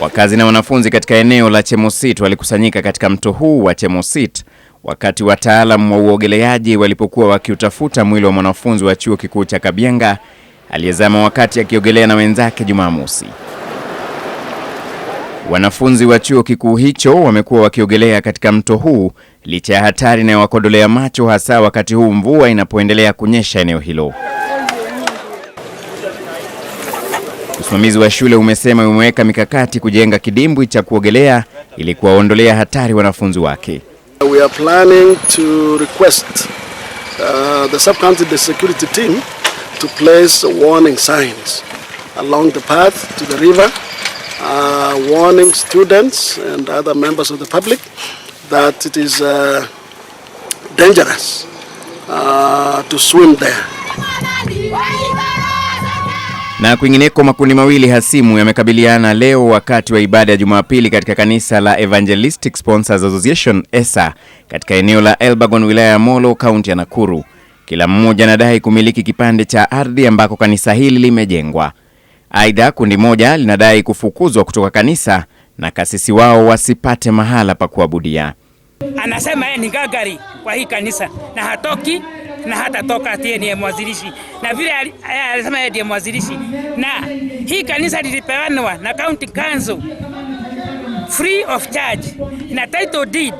Wakazi na wanafunzi katika eneo la Chemosit walikusanyika katika mto huu wa Chemosit wakati wataalamu wa uogeleaji walipokuwa wakiutafuta mwili wa mwanafunzi wa chuo kikuu cha Kabianga aliyezama wakati akiogelea na wenzake Jumamosi. Wanafunzi wa chuo kikuu hicho wamekuwa wakiogelea katika mto huu licha ya hatari inayowakodolea macho, hasa wakati huu mvua inapoendelea kunyesha eneo hilo. Usimamizi wa shule umesema umeweka mikakati kujenga kidimbwi cha kuogelea ili kuwaondolea hatari wanafunzi wake. We are planning to request uh, the subcounty the security team to place warning signs along the path to the river uh, warning students and other members of the public that it is uh, dangerous uh, to swim there. Na kwingineko makundi mawili hasimu yamekabiliana leo wakati wa ibada ya Jumapili katika kanisa la Evangelistic Sponsors Association ESA katika eneo la Elbagon wilaya ya Molo kaunti ya Nakuru. Kila mmoja anadai kumiliki kipande cha ardhi ambako kanisa hili limejengwa. Aidha, kundi moja linadai kufukuzwa kutoka kanisa na kasisi wao wasipate mahala pa kuabudia. Anasema yeye ni gagari kwa hii kanisa na hatoki na hata toka tie ni mwazilishi na vile eh, alisema yeye ndiye mwazilishi, na hii kanisa lilipeanwa na county council free of charge na title deed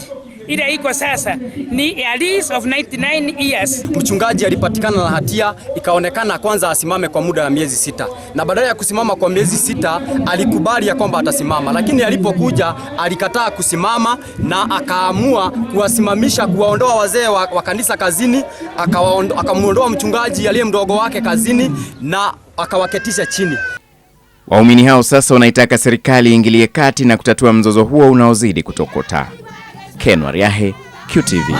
ile iko sasa ni a lease of 99 years. Mchungaji alipatikana na hatia, ikaonekana kwanza asimame kwa muda wa miezi sita, na badala ya kusimama kwa miezi sita alikubali ya kwamba atasimama, lakini alipokuja alikataa kusimama na akaamua kuwasimamisha, kuwaondoa wazee wa, wa kanisa kazini, akamwondoa mchungaji aliye mdogo wake kazini na akawaketisha chini. Waumini hao sasa wanaitaka serikali iingilie kati na kutatua mzozo huo unaozidi kutokota. Ken Waryahe, QTV.